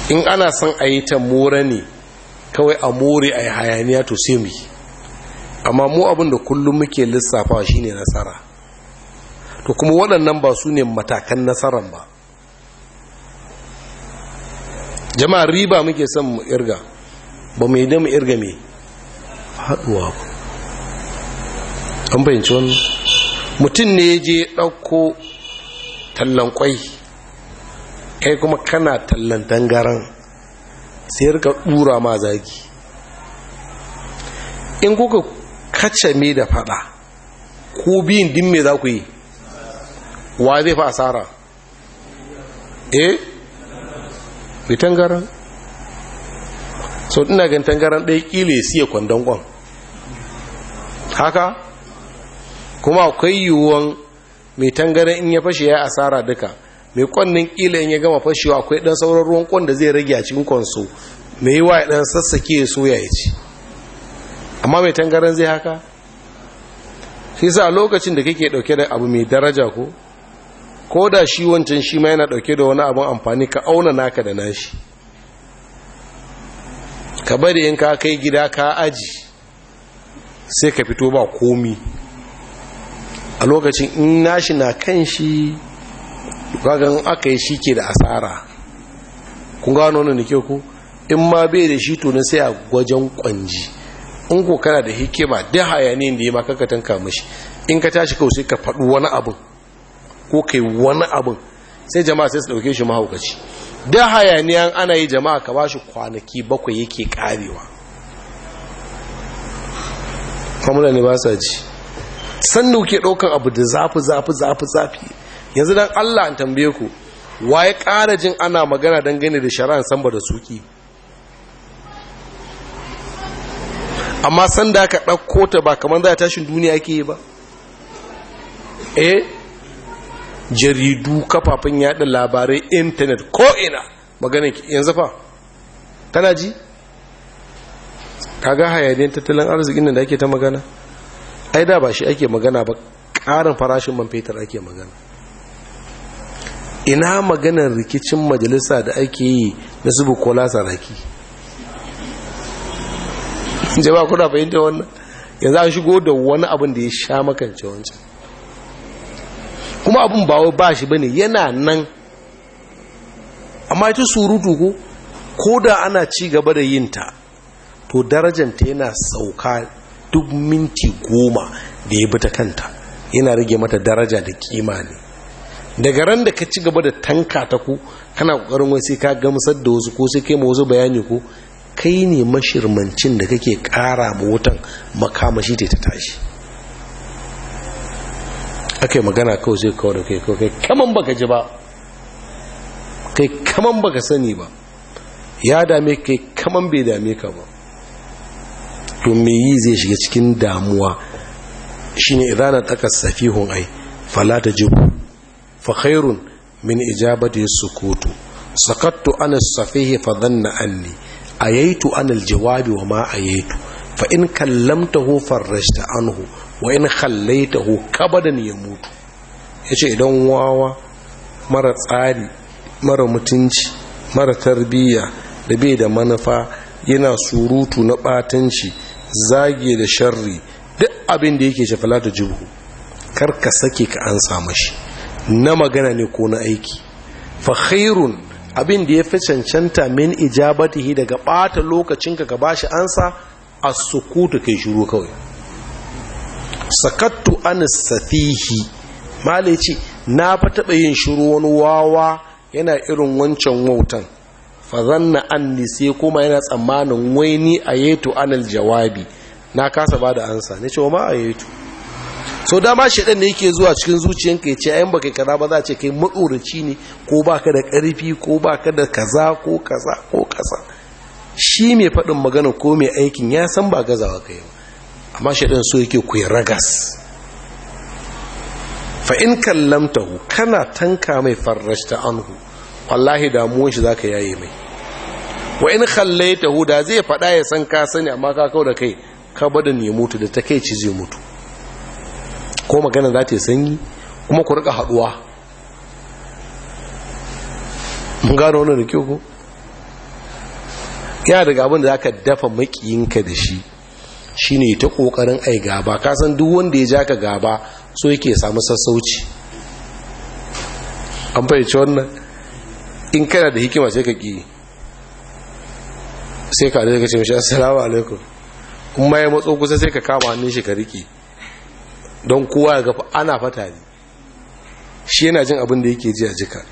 in ana son a yi ta more ne kawai a more a yi hayaniya to sai mu yi amma mu abin da kullum muke lissafawa shine nasara to kuma waɗannan ba su ne matakan nasaran ba jama'a riba muke son mu irga ba mu yi mu irga me haɗuwa ba an bayanci wani mutum ne je ɗauko tallan kwai kai kuma kana tallan tangaran sai rika ɗura ma zagi in kuka me da fada ko biyun din me za ku yi wa zai fi asara eh mai tangaran so ina gan tangaran ɗaya ƙile siya kwandon kwan. haka kuma akwai yiwuwan mai tangaran in ya fashe ya asara duka mai kwannin ƙila in ya gama fashewa akwai ɗan sauran ruwan kwan da zai rage a cikin kwanso mai yi wa ɗan sassake ya soya ya ci amma mai tangaran zai haka shi sa lokacin da kake dauke da abu mai daraja ko ko da shi wancan shi ma yana dauke da wani abun amfani ka auna naka da nashi ka bari in ka kai gida ka aji sai ka fito ba komi a lokacin in nashi na kan shi gagan aka yi shi ke da asara kun gano wannan da ke ku in ma bai da shi tunan sai a gwajen kwanji in ko kana da hikima da hayanin da ya maka ka tanka mishi in ka tashi kawai sai ka faɗi wani abin ko kai wani abu sai jama'a sai su dauke shi mahaukaci da hayaniyan ana yi jama'a ka bashi shi kwanaki bakwai yake karewa famula ne ba sa ji sannu ke ɗaukan abu da zafi zafi zafi zafi yanzu dan allah an tambaye ku wa ya ƙara jin ana magana dangane da shari'a samba da suki amma sanda aka ɗauko ta ba kamar za a tashin duniya ake yi ba e jaridu kafafen yada labarai intanet ko'ina maganin yanzu fa tana ji ga hayaniyar tattalin arzikin nan da ake ta magana ai da ba shi ake magana ba ƙarin farashin man fetur ake magana ina maganar rikicin majalisa da ake yi na zubu kola saraki jama'a kuna fahimta wannan yanzu an shigo da wani abin da ya sha makance wancan kuma abin bawo ba shi bane yana nan amma ita surutu ko ko da ana ci gaba da yin ta to darajanta yana sauka duk minti goma da ya bi ta kanta yana rage mata daraja da kima ne daga ran da ka ci gaba da tanka ta ku kana ƙoƙarin wai sai ka gamsar da wasu ko sai kai ma wasu bayani ko kai ne mashirmancin da kake kara ma wutan makamashi ta ta tashi aka magana kawai sai kawai da kai kai kaman baka ji ba kai kaman baka sani ba ya dame kai kaman bai dame ka ba to me yi zai shiga cikin damuwa shine idana takas safihun ai fala jibu fa khairun min ijabati sukutu sakattu ana safihi fa dhanna anni ayaitu anil jawabi wa ma ayaitu fa in kallamtahu farrajta anhu wa in khallaitahu kabadan ya mutu yace idan wawa mara tsari mara mutunci mara tarbiyya da bai da manufa yana surutu na batanci zage da sharri duk abin da yake shafala jibu kar ka sake ka an samu shi na magana ne ko na aiki fa khairun abin da ya fi cancanta min ijabatihi daga ɓata lokacin ka bashi ansa a sukutu kai shiru kawai sakattu an safihi male ce na fa taɓa yin shiru wani wawa yana irin wancan wautan fazanna anni sai kuma yana tsammanin waini a yeto anal jawabi na kasa ba da ansa ne ce wa ma a yeto sau dama shaɗin ne yake zuwa cikin zuciyanka ya ce ayin baka kaza ba za ce kai matsoraci ne ko baka da ƙarfi, ko baka da kaza ko kaza ko kaza shi mai faɗin magana ko mai aikin ya san ba gazawa kai ba amma shaɗin so yake ku ragas fa in kallamtahu kana tanka mai farrashta anhu wallahi damuwan shi zaka yaye mai wa in khallaitahu da zai faɗa ya san ka sani amma ka da kai ka bada ne mutu da takeici zai mutu ko magana za ta yi sanyi kuma ku rika haduwa mun gano wani da kyau ko ya daga abin da aka dafa makiyinka da shi shi ne ta kokarin ai gaba ka san duk wanda ya ja ka gaba so yake samu sassauci an fahimci wannan in kana da hikima sai ka ki sai ka da ka ce mashi assalamu alaikum kuma ya matso kusa sai ka kama hannun shi ka riƙe don kowa ya gafa ana fata shi yana jin abin da yake ji a jika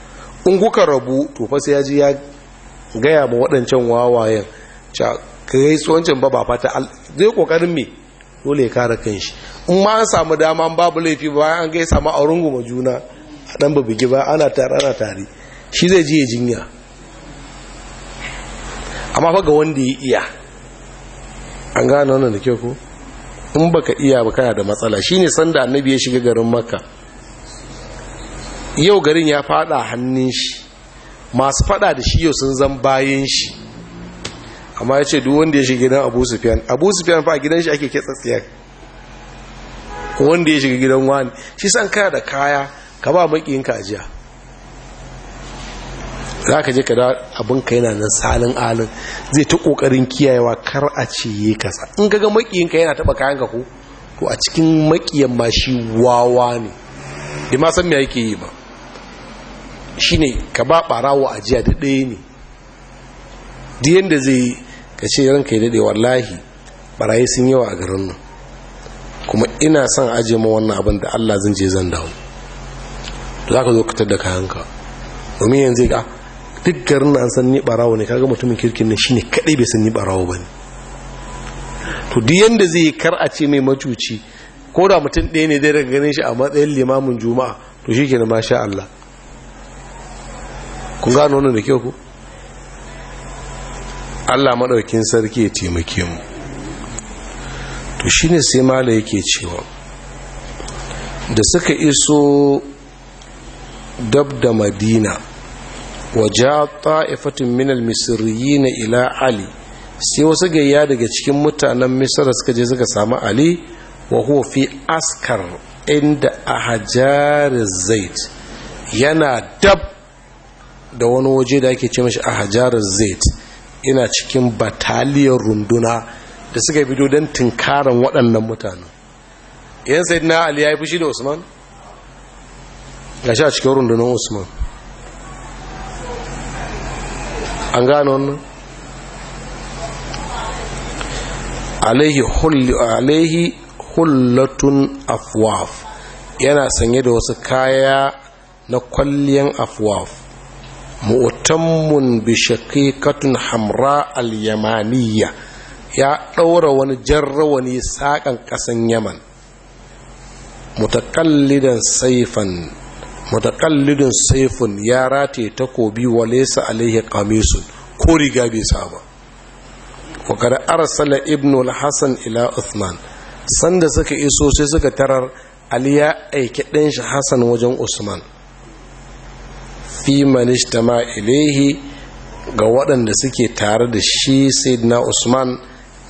in kuka rabu to fa sai ya ji ya gaya ma waɗancan wawayen ca kai tsohoncin ba ba fata zai kokarin me dole ya kare shi. in ma an samu dama babu laifi ba an gaisa a rungu ma juna a dan babbigi ba ana tare ana tare shi zai ji ya jinya amma fa ga wanda ya iya an gane wannan da kyau ko in baka iya ba kana da matsala shine sanda annabi ya shiga garin makka yau garin ya fada hannun shi masu fada da shi yau sun zan bayan shi amma ya ce duk wanda ya shiga gidan abu sufiyan abu sufiyan fa gidan shi ake ketsa tsiyar wanda ya shiga gidan wani shi san kaya da kaya ka ba makiyinka ajiya za ka je ka da abinka yana nan salin alin zai ta kokarin kiyayewa kar a ce yi kasa in gaga makiyinka yana taba kayan ka ko to a cikin makiyan ma shi wawa ne da ma san me yake yi ba shi ne ka ba ɓarawo ajiya da ɗaya ne duk yadda zai ka ce ranka yi daɗe wallahi barayi sun yawa a garin nan kuma ina son ajiye ma wannan abin da allah zan je zan dawo za ka zo ka tadda ka domin yanzu ga duk garin na an san ni barawo ne kaga mutumin kirkin ne shine kadai bai san ni barawo bane to duk yanda zai kar a ce mai matuci ko da mutum ɗaya ne dai daga ganin shi a matsayin limamin juma'a to shikenan masha Allah kun gano wannan da kyau ku Allah madaukin sarki ya taimake mu to shine sai mala yake cewa da suka iso dab da madina waja ta'ifatun minal misriyina ila ali sai wasu gayya daga cikin mutanen misra suka je suka samu ali wa huwa fi askar inda ahjar zaid yana dab da wani waje da ake ce mashi ahjar zait ina cikin bataliyar runduna da suka bido don tunkaran waɗannan mutanen yan sayyidina ali ya yi fushi da usman gashi a cikin rundunar usman an gano wannan alaihi hullatun afwaf yana sanye da wasu kaya na kwalliyan afwaf mu'tammun bi shaqiqatin hamra al-yamaniyya ya ɗaura wani jarrawani saƙan ƙasan yaman mutakallidan saifan mutakallidin saifin ya rataye takobi wa laysa alaihi qamisun ko riga bai sa ba wa arsala ibnu al-hasan ila usman sanda suka iso sai suka tarar ali ya aiki ɗan shi hasan wajen usman fi manishtama ilaihi ga waɗanda suke tare da shi sayyidina usman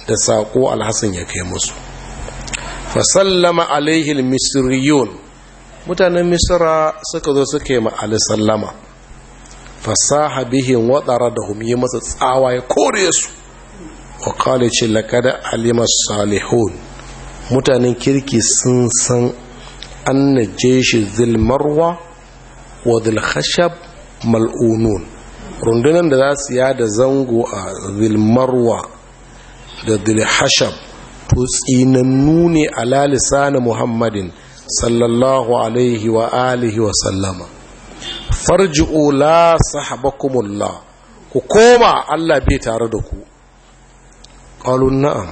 da saƙo alhassan ya kai musu fasallama alaihi misriyun mutanen misra suka zo suka yi ma'ali sallama fasaha bihin watsara da hum yi masa tsawa ya kore su wa kawai ce lakada alimar salihun mutanen kirki sun san an na jeshi zilmarwa wa zilhashab mal'unun rundunan da za su ya da zango a zilmarwa da zilhashab tutsinannu tsinannu ne ala lisanin muhammadin sallallahu alaihi wa alihi wa sallama farji'u la sahabakumullah ku koma Allah bai tare da ku Ƙalun na'am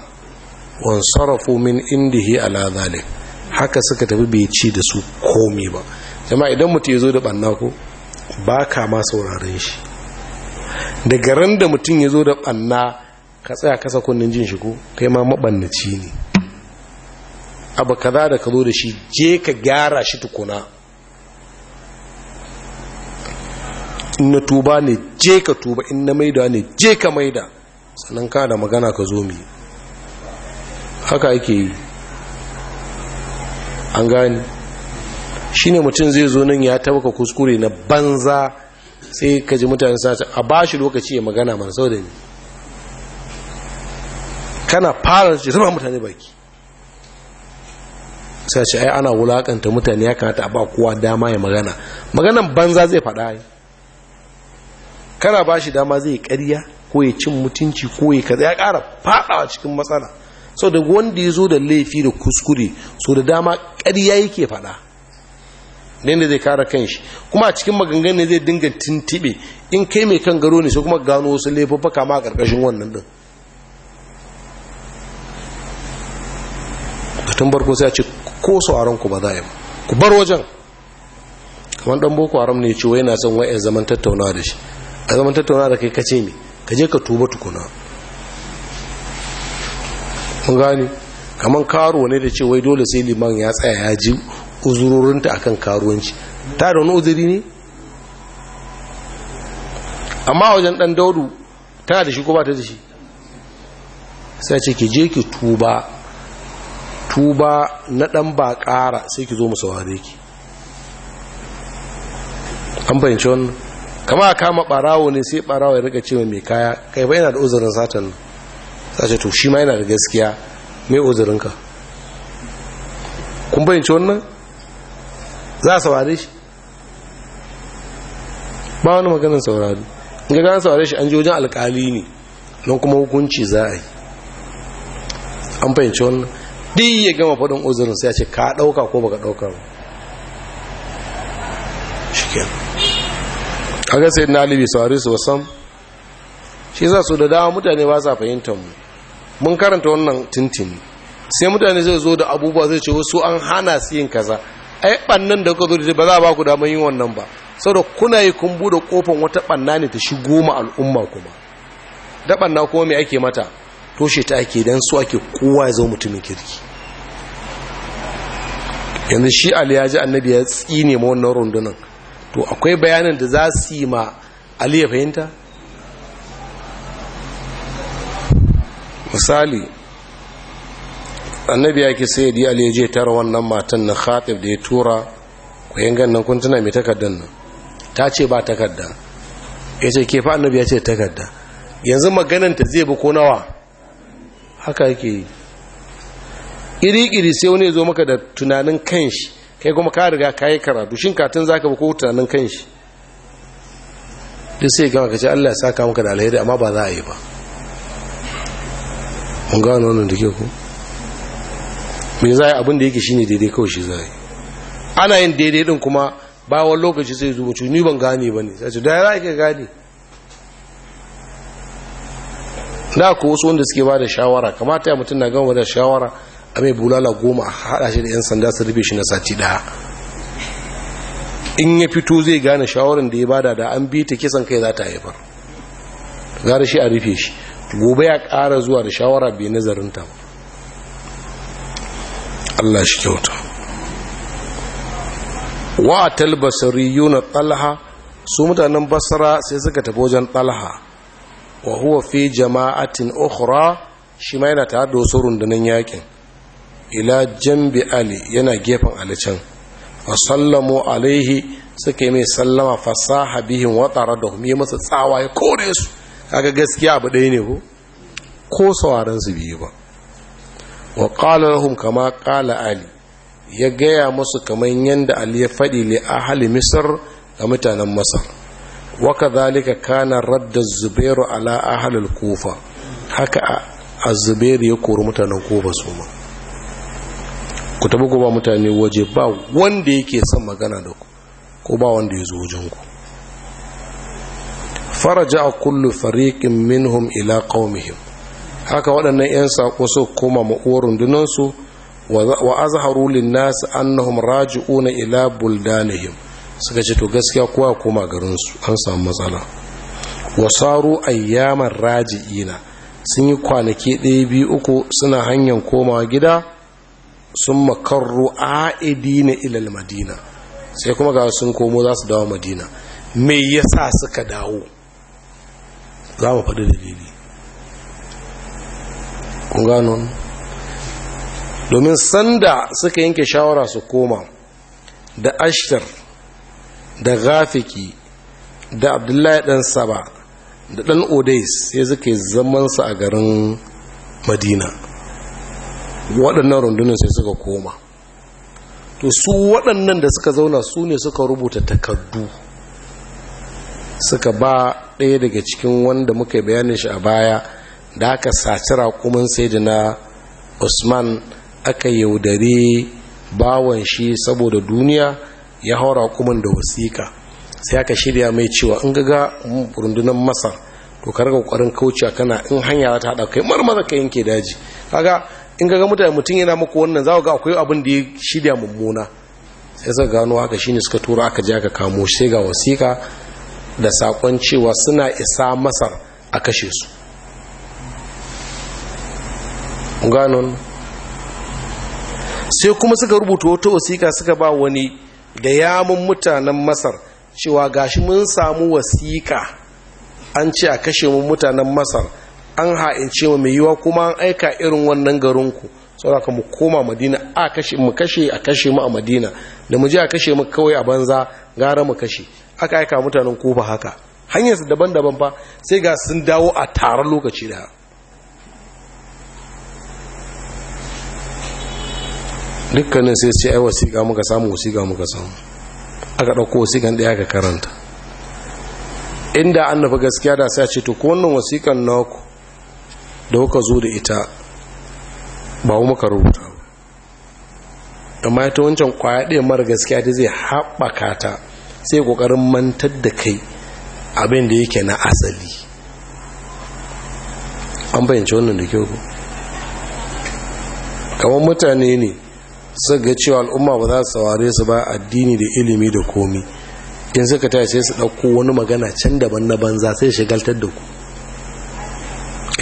wan sarafu min indihi ala zalik haka suka tafi bai ci da su komi ba jama'a idan mutum ya zo da banna ko ba ka ma sauraren shi daga ran da mutum ya zo da ɓanna ka tsaya kasa kunnen jin shi kai ma mabannaci ne abu kaza da ka zo da shi je ka gyara shi tukuna in na tuba ne je ka tuba in na maida ne je ka maida sannan ka da magana ka zo mi haka yake yi an gani shi ne mutum zai zo nan ya tabaka kuskure na banza sai ka ji mutane sata a ba shi lokaci ya magana man sau da ni kana fara shi zama mutane baki sai ai ana wulakanta mutane ya kamata a ba kowa dama ya magana maganan banza zai faɗa kana ba shi dama zai ƙarya ko ya cin mutunci ko ya kaza ya ƙara faɗawa cikin matsala sau da wanda ya zo da laifi da kuskure so da dama ƙarya yake faɗa ne da zai kara kan shi kuma a cikin maganganun zai dinga tintibe in kai mai kan garo ne sai kuma gano wasu laifuffuka ma a ƙarƙashin wannan din tun barko sai a ce ko sauran ku ba za a yi ku bar wajen kamar dan boko haram ne ce yana son wa'in zaman tattaunawa da shi a zaman tattaunawa da kai ka ce me ka je ka tuba tukuna mun gani kamar karo ne da ce wai dole sai liman ya tsaya ya ji uzurorinta akan karuwanci ta da wani uzuri ne amma wajen dan daudu tana da shi ko ba ta da shi sai ce ki je ki tuba tuba na ɗan ba ƙara sai ki zo mu saware ki an fahimci wannan kama a kama ɓarawo ne sai ɓarawo ya rika cewa mai kaya kai ba yana da uzurin satan sace to shi ma yana da gaskiya mai uzurinka kun fahimci wannan za a saware shi ba wani maganin saurari in ga gane saurare shi an ji wajen alkali ne don kuma hukunci za a yi an fahimci wannan duk ya gama faɗin uzurin sai ya ce ka ɗauka ko baka ɗauka ba a ga sai na saurari su wasan shi za su da dama mutane ba sa fahimtar mu mun karanta wannan tintini sai mutane zai zo da abubuwa zai ce wasu an hana su yin kaza ai bannan da kuka zo da ba za ba ku damar yin wannan ba saboda kuna yi kun bude kofan wata banna ne ta shigo goma al'umma kuma da banna kuma mai ake mata toshe ta ake don su ake kowa ya zo mutumin kirki yanzu shi ali ya ji annabi ya tsine ma wannan rundunan to akwai bayanin da za su yi ma ali ya fahimta misali annabi ya ke sai di ali ya je tara wannan matan na khatib da ya tura ku yangan ganin kun tuna mai takardar nan ta ce ba takarda ya ce ke annabi ya ce takarda yanzu maganin ta zai bi ko nawa haka yake yi iri-iri sai wani zo maka da tunanin kanshi kai kuma ka riga ka yi karatu shin katin za ba ko tunanin kanshi duk sai gama ka ce Allah ya saka maka da alheri amma ba za a yi ba mun gano wannan da ke ku me za a yi abin da yake shine daidai kawai shi za a yi ana yin daidai din kuma bawan lokaci sai zuwa ni ban gane ba ne sai da ya za ka gane da ku wasu wanda suke ba da shawara kamata ya mutum na gama da shawara a mai bulala goma a haɗa shi da 'yan sanda su rufe shi na sati ɗaya in ya fito zai gane shawarar da ya bada da an bi ta kisan kai za ta haifar gara shi a rufe shi gobe ya ƙara zuwa da shawara bai nazarin ta Allah shi kyauta wa talbasari yuna talha su mutanen basara sai suka tafi wajen talha wa huwa fi jama'atin ukhra shi ma yana tare da wasu rundunan yakin ila jambi ali yana gefen can fa sallamu alaihi suka yi mai sallama fasaha bihin wa da yi masa tsawa ya kore su kaga gaskiya abu ɗaya ne ko ko sauraron su biyu ba wa qala lahum kama qala ali ya gaya musu kaman yanda ali ya faɗi li ahli misr ga mutanen masar waka zalika kana radda zubairu ala ahalul kufa haka a zubairu ya kori mutanen kofa su ma ku tabi ku ba mutane waje ba wanda yake son magana da ku ko ba wanda ya zo wajen ku faraja a kullu fariƙin minhum ila qaumihim haka waɗannan 'yan saƙo su koma ma'uwar rundunansu wa azharu lin nas annahum raji'una ila buldanihim suka ce to gaskiya kowa koma garinsu an samu matsala wasaru ayyaman raji'ina sun yi kwanaki ɗaya biyu uku suna hanyar koma gida sun makarru a'idina ilal madina sai kuma ga sun komo za su dawo madina me yasa suka dawo za mu faɗi dalili kun gano domin sanda suka yanke shawara su koma da ashtar da gafiki da abdullahi dan saba da dan odais sai suka yi zamansa a garin madina waɗannan rundunar sai suka koma to su waɗannan da suka zauna su ne suka rubuta takardu suka ba ɗaya daga cikin wanda muka bayanin shi a baya da aka saci raƙumin sai na usman aka yaudare bawan shi saboda duniya ya haura kuman da wasiƙa sai aka shirya mai cewa in gaga rundunar masar to ka rika kokarin kaucewa kana in hanya ta hada kai marmara ka yanke daji kaga in gaga mutane mutum yana muku wannan za ga akwai abin da ya shirya mummuna sai suka gano haka shine suka tura aka je aka kamo shi ga wasiƙa da sakon cewa suna isa masar a kashe su ganon sai kuma suka rubuta wata wasiƙa suka ba wani da yamun mutanen masar cewa gashi mun samu wasiƙa an ce a kashe mun mutanen masar an ha'ince mu mai yiwa kuma an aika irin wannan garinku ka mu koma madina a kashe mu kashe a kashe mu a madina da mu je a kashe mu kawai a banza gara mu kashe aka aika mutanen kofa haka hanyarsu daban-daban fa sai ga sun dawo a taron lokaci da dukkanin sai sai ai wasiƙa muka samu wasiƙa muka samu aka ɗauko wasiƙan ɗaya aka karanta inda an nufi gaskiya da sai a ce to ko wannan wasiƙan naku da kuka zo da ita ba mu muka rubuta ba amma ta wancan kwaya ɗaya mara gaskiya da zai haɓaka ta sai ƙoƙarin mantar da kai abin da yake na asali an bayyance wannan da kyau kamar mutane ne sai ga cewa al'umma ba za su saurare su ba addini da ilimi da komi in suka taya sai su ɗauko wani magana can daban na banza sai shigaltar da ku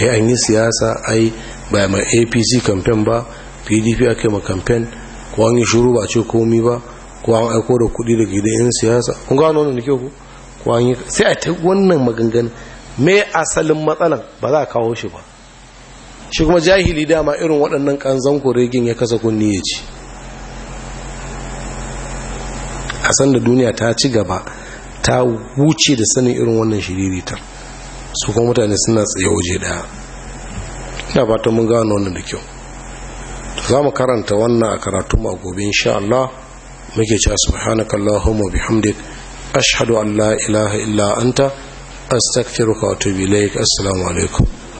ai an yi siyasa ai ba ma apc kamfen ba pdp aka kai ma kamfen ko an yi shuru ba ce komi ba ko an aiko da kuɗi daga gidan 'yan siyasa kun gano wannan da ke ku ko an yi sai a ta wannan maganganu me asalin matsalan ba za a kawo shi ba shi kuma jahili dama irin waɗannan ƙanzan koregin ya kasa kunni ya ci kasan da duniya ta ci gaba ta wuce da sanin irin wannan shiriritar su kuma mutane suna tsaye waje daya ina ba ta mun gano wannan da kyau za mu karanta wannan a karatu ma gobe insha Allah muke cewa subhanaka allahumma bihamdik ashhadu an la ilaha illa anta astaghfiruka wa atubu ilaik assalamu alaikum